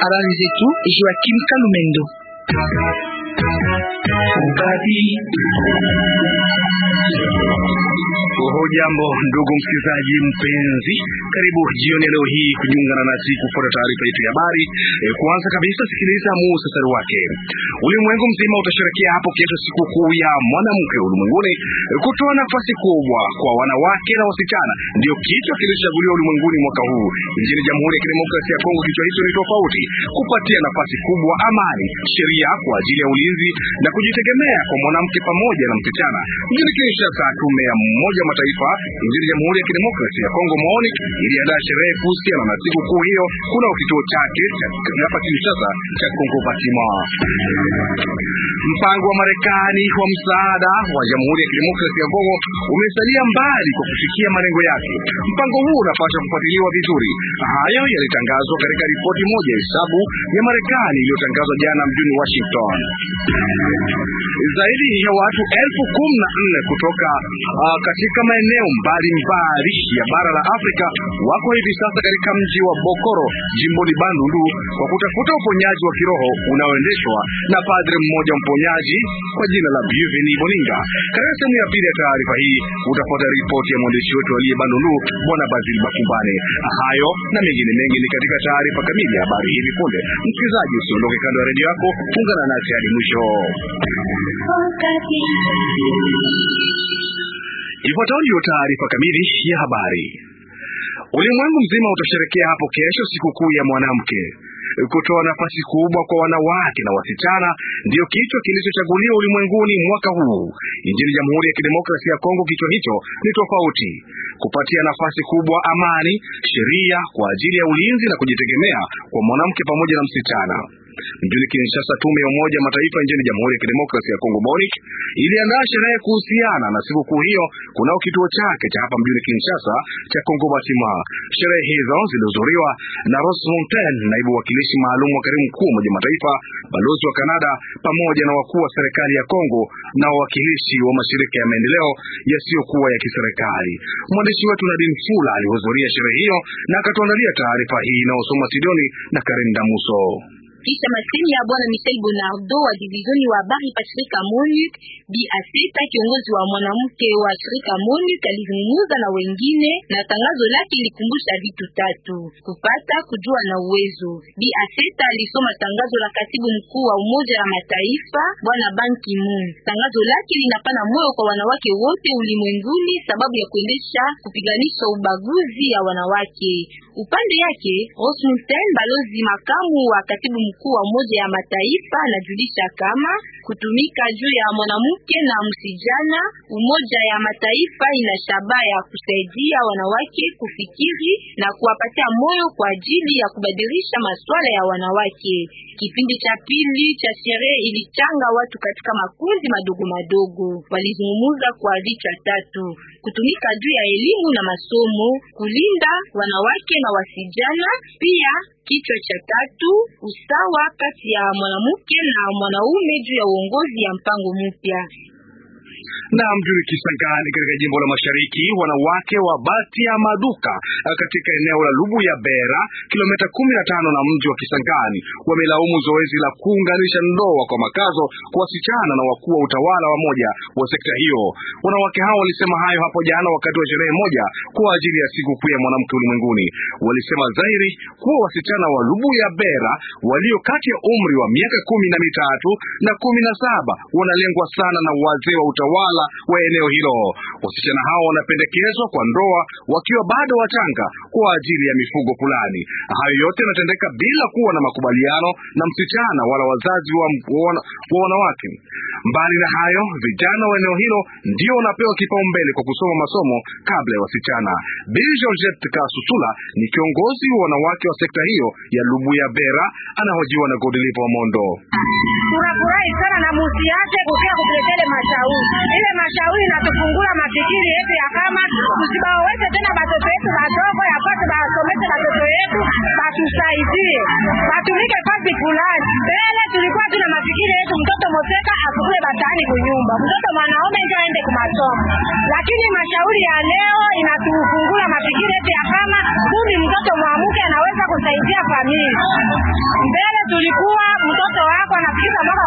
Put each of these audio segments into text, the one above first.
Habari zetu Joakim Kalumendo ukati Hujambo ndugu msikilizaji mpenzi, karibu jioni leo hii na nasi kufuata taarifa yetu ya habari. E, kwanza kabisa sikiliza muhtasari wake. Ulimwengu mzima utasherekea hapo kesho sikukuu ya mwanamke ulimwenguni. Eh, kutoa nafasi kubwa kwa wanawake na wasichana ndio kichwa kilichochaguliwa ulimwenguni mwaka huu. Nchini Jamhuri ya Kidemokrasia ya Kongo kichwa hicho ni tofauti: kupatia nafasi kubwa amani, sheria kwa ajili ya ulinzi na kujitegemea kwa mwanamke pamoja na msichana mjini Kinshasa. Tume ya mmoja wa Mataifa nchini Jamhuri ya Kidemokrasia ya Kongo MONUC iliandaa sherehe kuhusiana na siku kuu hiyo kunao kituo chake hapa Kinshasa cha Kongo Fatima. Mpango wa Marekani wa msaada wa Jamhuri ya Kidemokrasia ya Kongo umesalia mbali kwa kufikia malengo yake. Mpango huu unapaswa kufuatiliwa vizuri. Hayo yalitangazwa katika ripoti moja ya hesabu ya Marekani iliyotangazwa jana mjini Washington zaidi ya watu elfu kumi na nne kutoka uh, katika maeneo mbalimbali ya bara la Afrika wako hivi sasa katika mji wa Bokoro jimboni Bandundu kwa kutafuta uponyaji wa kiroho unaoendeshwa na padre mmoja mponyaji kwa jina la Bienveni Boninga. Katika sehemu ya pili ya taarifa hii utafuata ripoti ya mwandishi wetu aliye Bandundu bwana basil Bakumbane. Hayo na mengine mengi ni katika taarifa kamili ya habari hivi punde. Msikilizaji, usiondoke kando ya redio yako, ungana nasi hadi mwisho. Ifuatayo ndiyo taarifa kamili ya habari. Ulimwengu mzima utasherekea hapo kesho sikukuu ya mwanamke. Kutoa nafasi kubwa kwa wanawake na wasichana ndiyo kichwa kilichochaguliwa ulimwenguni mwaka huu. Nchini Jamhuri ya Kidemokrasia ya Kongo kichwa hicho ni tofauti: kupatia nafasi kubwa amani, sheria kwa ajili ya ulinzi na kujitegemea kwa mwanamke pamoja na msichana. Mjini Kinshasa, tume ya Umoja Mataifa nchini Jamhuri ya Kidemokrasia ya Kongo MONUC iliandaa sherehe kuhusiana na sikukuu hiyo kunao kituo chake cha hapa mjini Kinshasa cha Kongo Batima. Sherehe hizo zilihudhuriwa na Rose Montaigne, naibu wakilishi maalum wa karimu mkuu wa Umoja Mataifa, balozi wa Kanada, pamoja na wakuu wa serikali ya Kongo na wawakilishi wa mashirika ya maendeleo yasiyokuwa ya kiserikali. Mwandishi wetu nadin Fula alihudhuria sherehe hiyo na akatuandalia taarifa hii inayosoma Sidoni na Karinda Muso kisha masemi ya bwana Michel Bonardo wa divizioni wa habari pa shirika MONUC. Bi Aseta, kiongozi wa mwanamke wa shirika MONUC, alizungumza na wengine na tangazo lake likumbusha vitu tatu: kupata, kujua na uwezo. Bi Aseta alisoma tangazo la katibu mkuu wa Umoja wa Mataifa bwana Ban Ki-moon. Tangazo lake linapana moyo kwa wanawake wote ulimwenguni sababu ya kuendesha kupiganisha ubaguzi ya wanawake. Upande yake Rosmussen, balozi makamu wa katibu mkuu mkuu wa Umoja ya Mataifa anajulisha kama kutumika juu ya mwanamke na msijana. Umoja ya Mataifa ina shabaha ya kusaidia wanawake kufikiri na kuwapatia moyo kwa ajili ya kubadilisha masuala ya wanawake. Kipindi cha pili cha sherehe ilichanga watu katika makundi madogo madogo, walizungumza kwa vichwa tatu: kutumika juu ya elimu na masomo, kulinda wanawake na wasijana, pia kichwa cha tatu usa sawa kati ya mwanamke na mwanaume juu ya uongozi ya mpango mpya. Na mjini Kisangani katika jimbo la Mashariki, wanawake wa bati ya maduka eh, katika eneo la Bera, kilomita kumi na tano na mji wa Kisangani, wamelaumu zoezi la kuunganisha ndoa kwa makazo kwa wasichana na wakuu wa utawala wa moja wa sekta hiyo. Wanawake hao walisema hayo hapo jana wakati wa sherehe moja kwa ajili ya siku kuu ya mwanamke ulimwenguni. Walisema dhahiri kuwa wasichana wa bera walio kati ya umri wa miaka kumi na mitatu na kumi na saba wanalengwa sana na wazee wa utawala utawala wa eneo hilo. Wasichana hao wanapendekezwa kwa ndoa wakiwa bado wachanga kwa ajili ya mifugo fulani. Hayo yote yanatendeka bila kuwa na makubaliano na msichana wala wazazi wa wanawake. Mbali na hayo, vijana wa eneo hilo ndio wanapewa kipaumbele kwa kusoma masomo kabla ya wasichana. Bi Georgette Kasutula ni kiongozi wa wanawake wa sekta hiyo ya Lubuyabera, anahojiwa na Godilipo Mondo tunafurahi sana na musiache kukia kutuletea ile mashauri. Ile mashauri inatufungula mafikiri yetu ya kama tusibaweze tena batoto yetu badogo yapate basomeze batoto yetu, batusaidie, batumike kazi fulani. Mbele tulikuwa tuna mafikiri yetu, mtoto moseka akukule batani kunyumba, mtoto mwanaume ndio aende kumasomo, lakini mashauri ya leo inatufungula mafikiri yetu ya kama kumi, mtoto mwamuke anaweza kusaidia familia. Mbele tulikuwa kisa mwaka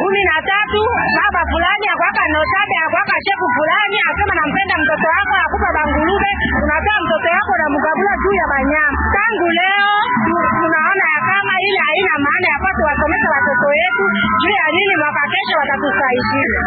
kumi na tatu baba fulani akwaka notate akwaka shefu fulani asema nampenda mtoto wako akupa bangulube, unatoa mtoto wako na mkabula juu ya banyama. Tangu leo tunaona ya kama ile haina maana ya kwatu wasomesha watoto wetu juu ya nini, mwaka kesho watatusaidia.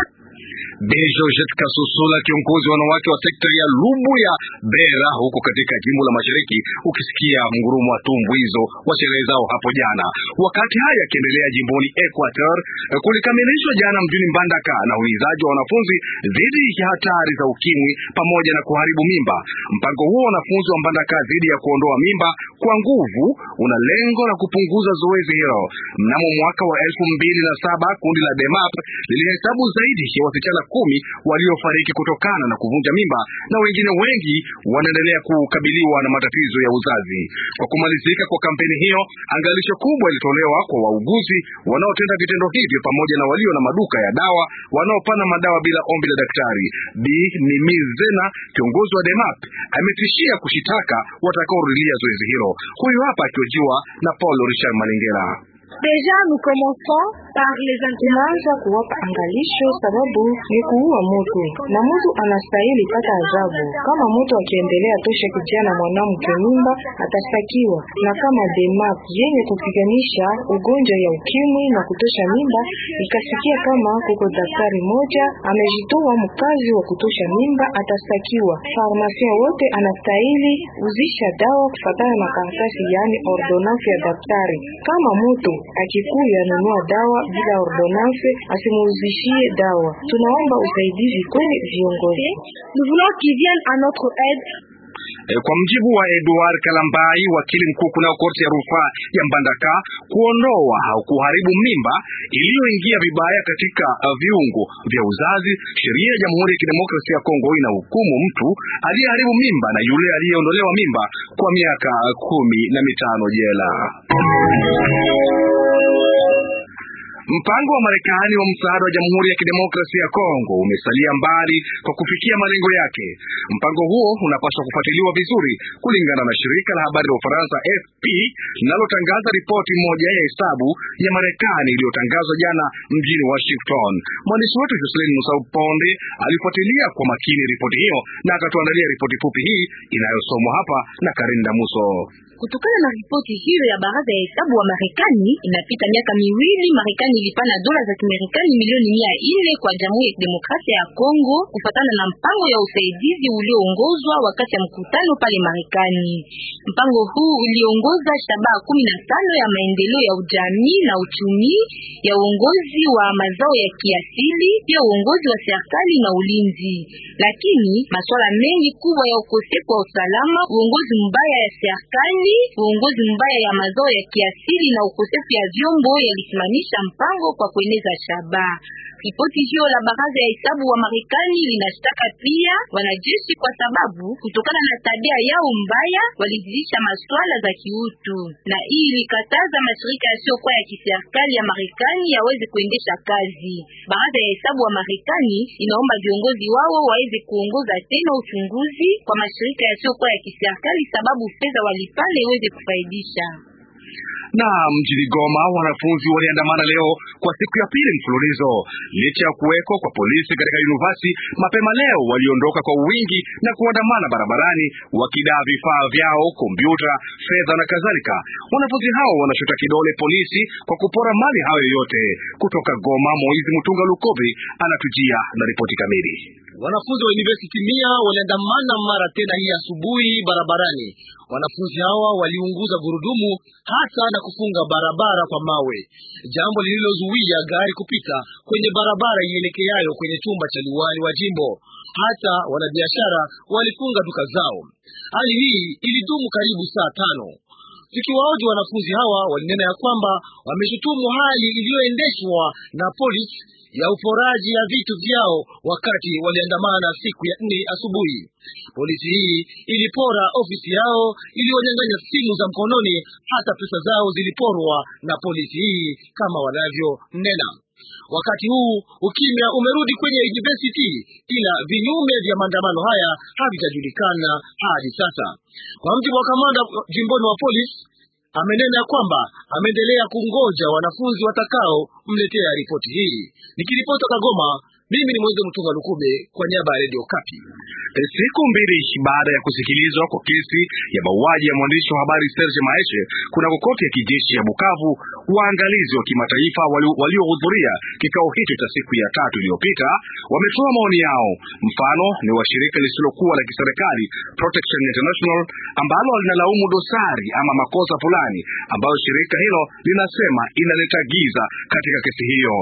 Bejo Jetka Kasosola, kiongozi wanawake wa sekta ya Lubu ya Bera huko katika jimbo la Mashariki, ukisikia mgurumo wa tumbu hizo wa sherehe zao hapo jana. Wakati haya yakiendelea jimboni Equator, kulikamilishwa jana mjini Mbandaka na uizaji wa wanafunzi dhidi ya hatari za ukimwi pamoja na kuharibu mimba. Mpango huo wanafunzi wa Mbandaka dhidi ya kuondoa mimba kwa nguvu una lengo la kupunguza zoezi hilo. Mnamo mwaka wa elfu mbili na saba kundi la DEMAP lilihesabu zaidi ya wasichana kumi waliofariki kutokana na kuvunja mimba na wengine wengi wanaendelea kukabiliwa na matatizo ya uzazi. Kwa kumalizika kwa kampeni hiyo, angalisho kubwa ilitolewa kwa wauguzi wanaotenda vitendo hivyo pamoja na walio na maduka ya dawa wanaopana madawa bila ombi la daktari. Bi zena kiongozi wa DEMAP, ametishia kushitaka watakaorudilia zoezi hilo. Huyu hapa akiojiwa na paul Richard Malengera. Deja tunaanza kuwapa angalisho sababu ni kuua moto na mtu anastahili pata adhabu. Kama moto akiendelea tosha kijana mwanamke mimba atastakiwa, na kama demak yenye kupiganisha ugonjwa ya ukimwi na kutosha mimba ikasikia kama kuko daktari moja amejitoa mkazi wa kutosha mimba atastakiwa. Farmasia wote anastahili uzisha dawa kufatana na karatasi, yaani ordonance ya daktari. Kama moto akikuya anunua dawa bila ordonance asimuuzishie dawa. Tunaomba usaidizi kwenye viongozi. Nous voulons qu'ils viennent à notre aide Eh, kwa mjibu wa Edward Kalambai, wakili mkuu kunao korti ya rufaa ya Mbandaka, kuondoa au kuharibu mimba iliyoingia vibaya katika eh, viungo vya uzazi, sheria ya Jamhuri ya Kidemokrasia ya Kongo inahukumu mtu aliyeharibu mimba na yule aliyeondolewa mimba kwa miaka eh, kumi na mitano jela. Mpango wa Marekani wa msaada wa Jamhuri ya Kidemokrasia ya Kongo umesalia mbali kwa kufikia malengo yake. Mpango huo unapaswa kufuatiliwa vizuri, kulingana na shirika la habari la Ufaransa FP linalotangaza ripoti moja ya hesabu ya Marekani iliyotangazwa jana mjini Washington. Mwandishi wetu Jocelyn Musau Ponde alifuatilia kwa makini ripoti hiyo na akatuandalia ripoti fupi hii inayosomwa hapa na Karinda Muso. Kutokana na ripoti hiyo ya baraza ya hesabu wa Marekani, inapita miaka miwili Marekani ilipana dola za Kimarekani milioni mia nne kwa Jamhuri ya Kidemokrasia ya Kongo kufatana na mpango ya usaidizi ulioongozwa wakati ya mkutano pale Marekani. Mpango huu uliongoza shabaha kumi na tano ya maendeleo ya ujamii na uchumi, ya uongozi wa mazao ya kiasili, pia uongozi wa serikali na ulinzi. Lakini masuala mengi kubwa ya ukosefu wa usalama, uongozi mbaya ya serikali hii uongozi mbaya ya mazao ya kiasili na ukosefu ya vyombo yalisimamisha mpango kwa kueneza shaba. Ripoti hiyo la baraza ya hesabu wa Marekani linashtaka pia wanajeshi kwa sababu kutokana na tabia yao mbaya walizidisha masuala za kiutu, na hii ilikataza mashirika yasiyokuwa ya kiserikali ya Marekani yaweze kuendesha kazi. Baraza ya hesabu wa Marekani inaomba viongozi wao waweze kuongoza tena uchunguzi kwa mashirika yasiyokuwa ya kiserikali sababu fedha walipale iweze kufaidisha na mjini Goma, wanafunzi waliandamana leo kwa siku ya pili mfululizo. Licha ya kuwekwa kwa polisi katika yunivasi, mapema leo waliondoka kwa wingi na kuandamana barabarani wakidaa vifaa vyao, kompyuta, fedha na kadhalika. Wanafunzi hao wanashuta kidole polisi kwa kupora mali hayo yote. Kutoka Goma, Moizi Mtunga lukobi anatujia na ripoti kamili. Wanafunzi wa University Mia waliandamana mara tena hii asubuhi barabarani. Wanafunzi hawa waliunguza gurudumu hata na kufunga barabara kwa mawe, jambo lililozuia gari kupita kwenye barabara ielekeayo kwenye chumba cha liwali wa jimbo. Hata wanabiashara walifunga duka zao. Hali hii ilidumu karibu saa tano. Tukiwaoji wanafunzi hawa walinena ya kwamba wameshutumu hali iliyoendeshwa na polisi ya uporaji ya vitu vyao wakati waliandamana siku ya nne asubuhi. Polisi hii ilipora ofisi yao, iliyonyang'anya simu za mkononi, hata pesa zao ziliporwa na polisi hii kama wanavyonena. Wakati huu ukimya umerudi kwenye university, ila vinyume vya maandamano haya havitajulikana hadi sasa. Kwa mjibu wa kamanda jimboni wa polisi amenena kwamba ameendelea kungoja wanafunzi watakao mletea ripoti hii. Nikiripoti kutoka Goma, mimi ni mweze Mtunga Lukube kwa niaba ya Radio Kapi. Eh, siku mbili baada ya kusikilizwa kwa kesi ya mauaji ya mwandishi wa habari Serge Maheshe kuna kokoti ya kijeshi ya Bukavu, waangalizi wa kimataifa waliohudhuria kikao hicho cha siku ya tatu iliyopita wametoa maoni yao. Mfano ni wa shirika lisilokuwa la kiserikali Protection International ambalo linalaumu dosari ama makosa fulani ambayo shirika hilo linasema inaleta giza katika kesi hiyo.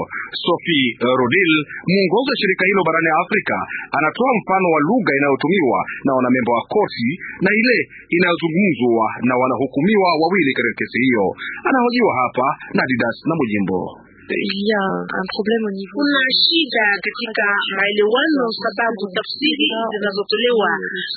Sophie Rodil, mwongozi wa shirika hilo barani Afrika, anatoa mfano wa lugha inayotumiwa na wanamemba wa koti na ile inayozungumzwa na wanahukumiwa wawili katika kesi hiyo. Anahojiwa hapa na Didas na Mujimbo il y a un problème au niveau. Kuna shida katika maelewano, sababu tafsiri zinazotolewa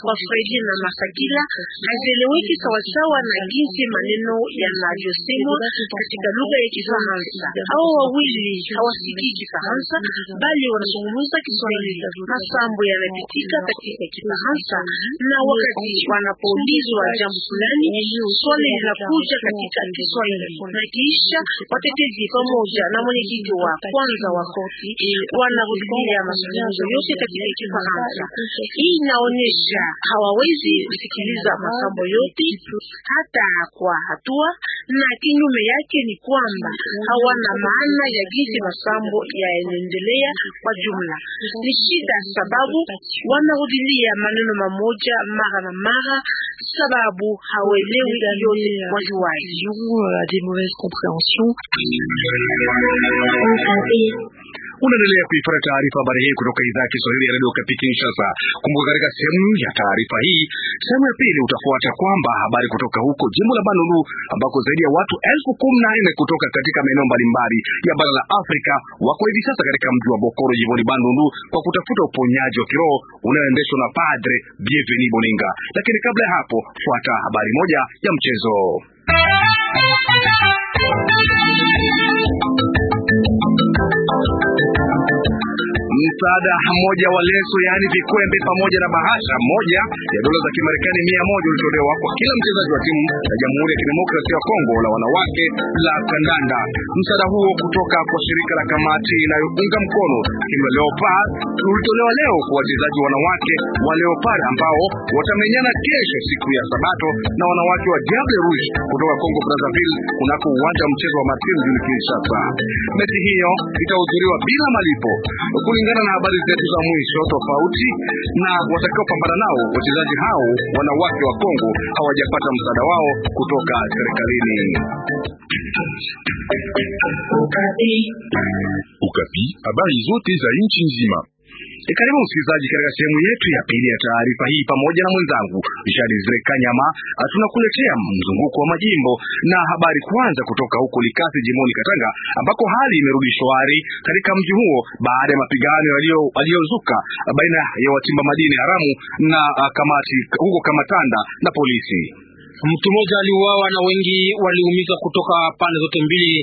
kwa Fredi na Masakila hazieleweki sawasawa na jinsi maneno yanavyosemwa katika lugha ya Kifaransa. Hao wawili hawasikii Kifaransa bali wanazungumza Kiswahili. Masambo yanapitika katika Kifaransa, na wakati wanapoulizwa jambo fulani, swali linakuja katika Kiswahili na kisha watetezi pamoja na mwenyekiti wa kwanza wa korti wanahudhuria mazungumzo yote katika Kifaransa. Hii inaonyesha hawawezi e, kusikiliza masambo yote hata kwa hatua, na kinyume yake ni kwamba hawana maana ya gisi masambo yaendelea kwa jumla. Ni shida sababu wanarudilia maneno mamoja mara na mara, sababu hawaelewi yote wajuwaji. Unaendelea kuipata taarifa habari hii kutoka idhaa ya Kiswahili ya redio Kapiki Kinshasa. Kumbuka katika sehemu ya taarifa hii, sehemu ya pili utafuata kwamba habari kutoka huko jimbo la Bandundu ambako zaidi ya watu elfu kumi na nne kutoka katika maeneo mbalimbali ya bara la Afrika wako hivi sasa katika mji wa Bokoro jimboni Bandundu kwa kutafuta uponyaji wa kiroho unaoendeshwa na Padre Bienvenu Boninga. Lakini kabla ya hapo, fuata habari moja ya mchezo msaada mmoja wa leso yaani vikwembe pamoja na bahasha moja ya dola za Kimarekani mia moja ulitolewa kwa kila mchezaji wa timu ya Jamhuri ya Kidemokrasia ya Kongo la wanawake la kandanda. Msaada huo kutoka kwa shirika la kamati inayounga mkono timu ya Leopard ulitolewa leo kwa wachezaji wanawake wa Leopard ambao watamenyana kesho siku ya Sabato na wanawake wa Diable Rouge kutoka Kongo Brazzaville kunako uwanja wa mchezo wa Martin Kinshasa. Mechi hiyo itahudhuriwa bila malipo kulingana kulingana na habari zetu za mwisho tofauti na watakaopambana nao, wachezaji hao wanawake wa Kongo hawajapata msaada wao kutoka serikalini. Ukapi, habari zote za nchi nzima. E, karibu msikilizaji katika sehemu yetu ya pili ya taarifa hii, pamoja na mwenzangu Jadizre Kanyama. Ah, tunakuletea mzunguko wa majimbo na habari kwanza kutoka huko Likasi jimboni Katanga, ambako hali imerudi shwari katika mji huo baada ya mapigano yaliyozuka baina ya wachimba madini haramu na uh, kamati huko Kamatanda na polisi. Mtu mmoja aliuawa na wengi waliumizwa kutoka pande zote mbili.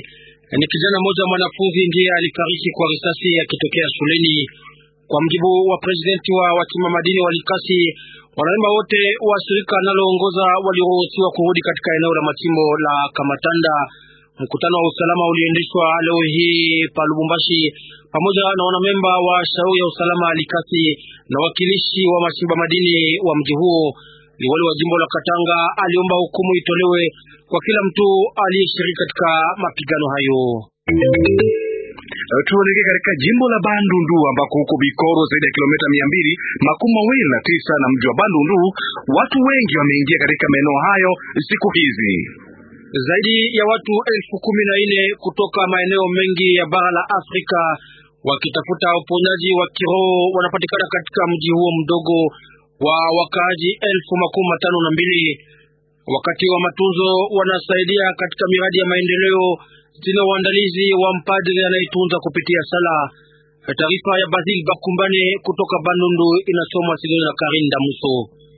Eh, ni kijana mmoja mwanafunzi ndiye alifariki kwa risasi akitokea shuleni. Kwa mjibu wa presidenti wa wachimba madini walikasi, wanamemba wote wa shirika linaloongoza waliruhusiwa kurudi katika eneo la machimbo la Kamatanda. Mkutano wa usalama uliendeshwa leo hii pa Lubumbashi pamoja na wanamemba wa shauri ya usalama alikasi na wakilishi wa machimba madini wa mji huo. Liwali wa jimbo la Katanga aliomba hukumu itolewe kwa kila mtu aliyeshiriki katika mapigano hayo. Eh, tuelekee katika jimbo la Bandundu ambako huko Bikoro, zaidi ya kilomita mia mbili makumi mawili na tisa na mji wa Bandundu, watu wengi wameingia katika maeneo hayo siku hizi. Zaidi ya watu elfu kumi na nne kutoka maeneo mengi ya bara la Afrika wakitafuta uponyaji wa kiroho wanapatikana katika mji huo mdogo wa wakaaji elfu makumi matano na mbili. Wakati wa matunzo wanasaidia katika miradi ya maendeleo tina uandalizi wa mpadri anayetunza kupitia sala. Taarifa ya basil Bakumbane kutoka Bandundu inasoma Sidoni na Karinda Muso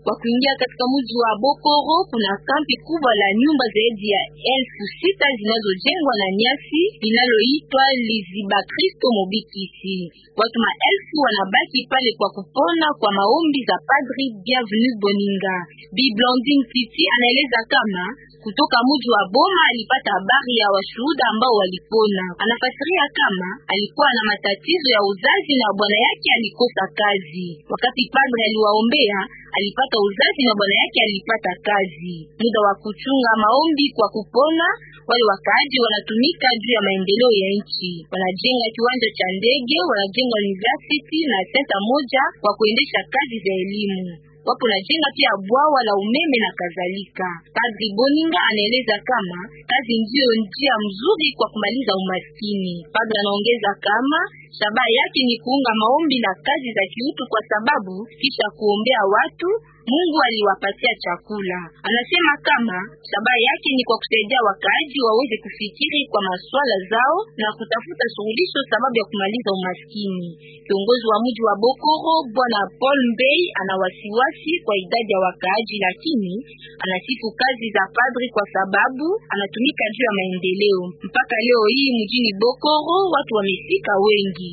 wa kuingia katika mji wa Bokoro. Kuna kampi kubwa la nyumba zaidi ya elfu sita zinazojengwa na nyasi linaloitwa Liziba Kristo Mobikisi. Watu maelfu wanabaki pale kwa kupona kwa maombi za Padri Bienvenu Boninga. Bi Blondine Titi anaeleza kama kutoka mji wa Boma alipata habari ya washuhuda ambao walipona. Anafasiria kama alikuwa na matatizo ya uzazi na bwana yake alikosa kazi. Wakati padre aliwaombea alipata uzazi na bwana yake alipata kazi. Muda wa kuchunga maombi kwa kupona, wale wakaaji wanatumika juu ya maendeleo ya nchi, wanajenga kiwanja cha ndege, wanajenga university na senta moja kwa kuendesha kazi za elimu wapo najenga pia bwawa la umeme na kadhalika. Padri Boninga anaeleza kama kazi ndiyo njia mzuri kwa kumaliza umaskini. Padri anaongeza kama shabaha yake ni kuunga maombi na kazi za kiutu, kwa sababu kisha kuombea watu Mungu aliwapatia chakula. Anasema kama shabaha yake ni kwa kusaidia wakaaji waweze kufikiri kwa masuala zao na kutafuta suluhisho sababu ya kumaliza umaskini. Kiongozi wa mji wa Bokoro Bwana Paul Mbey ana wasiwasi kwa idadi ya wakaaji, lakini anasifu kazi za padri kwa sababu anatumika juu ya maendeleo. Mpaka leo hii mjini Bokoro watu wamefika wengi.